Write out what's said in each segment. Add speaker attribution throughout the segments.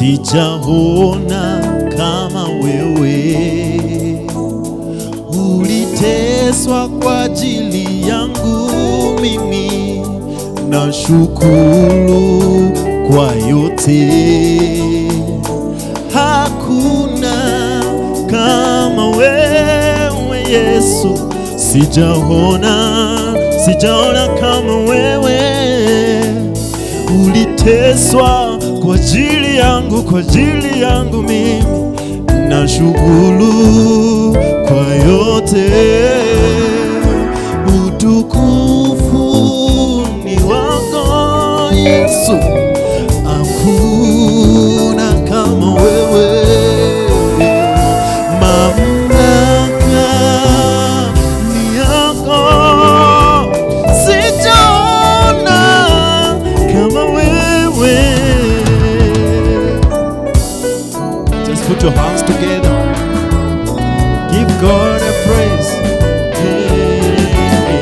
Speaker 1: sijaona kama wewe uliteswa kwa ajili yangu mimi, na shukuru kwa yote, hakuna kama wewe Yesu, sijaona sijaona kama wewe uliteswa kwa ajili yangu, kwa ajili yangu mimi na shukuru kwa yote. Utukufu ni wako Yesu aku Put your hands together. Give God a praise. Hey.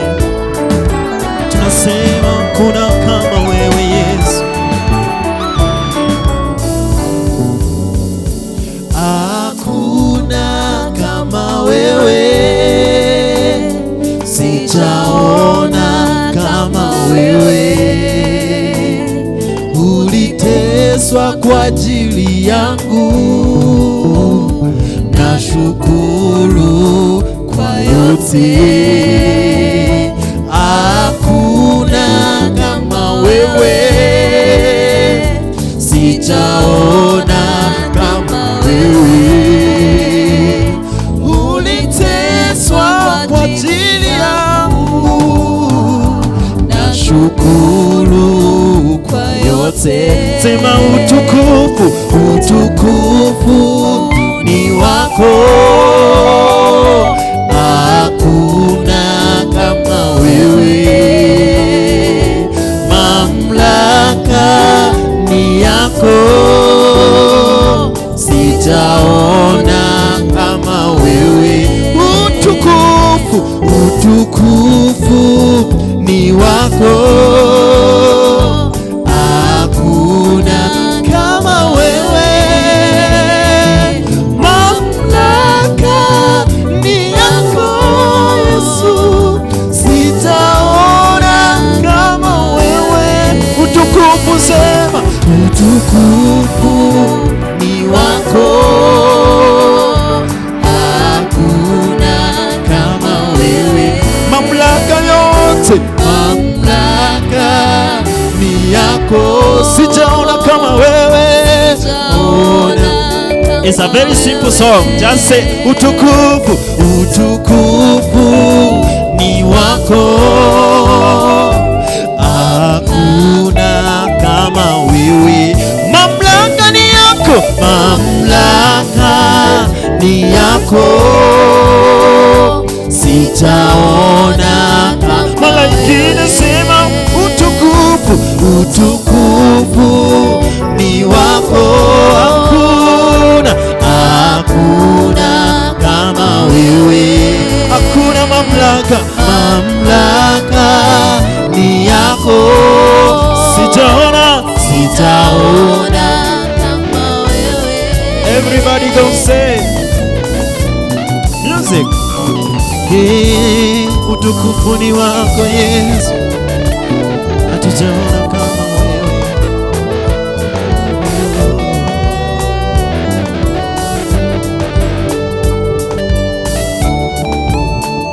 Speaker 1: Tunasema kuna kama wewe Yesu. Hakuna kama wewe. Sijaona kama wewe. Ulite kuteswa kwa ajili yangu, na shukuru kwa yote. Hakuna kama wewe, sijaona kama wewe. Uliteswa kwa ajili yangu, na sema utukufu, utukufu ni wako, hakuna kama wewe, mamlaka ni yako, sitaona kama wewe utukufu ni wako, hakuna kama wewe. Mamlaka yote, mamlaka ni yako, sijaona kama wewe. Ona, it's a very simple song, just say utukufu, utukufu yako sitaona mara ingine sema utukufu utukufu ni wako hakuna hakuna kama wewe hakuna mamlaka mamlaka ni yako sitaona sitaona kama wewe everybody go say utukufu ni wako Yesu, hatujaona kama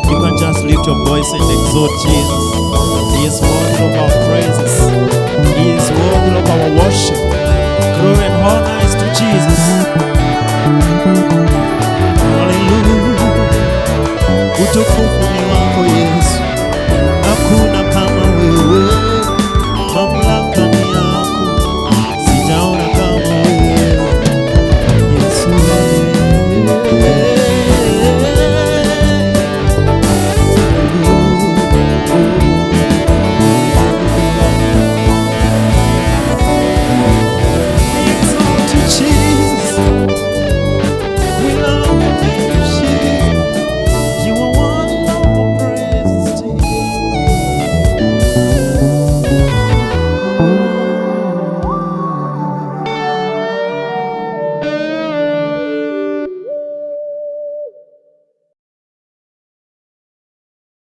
Speaker 1: You can just lift your voice and exalt Jesus. He is worthy of our praises. He is worthy of our worship. Glory and honor is to Jesus. to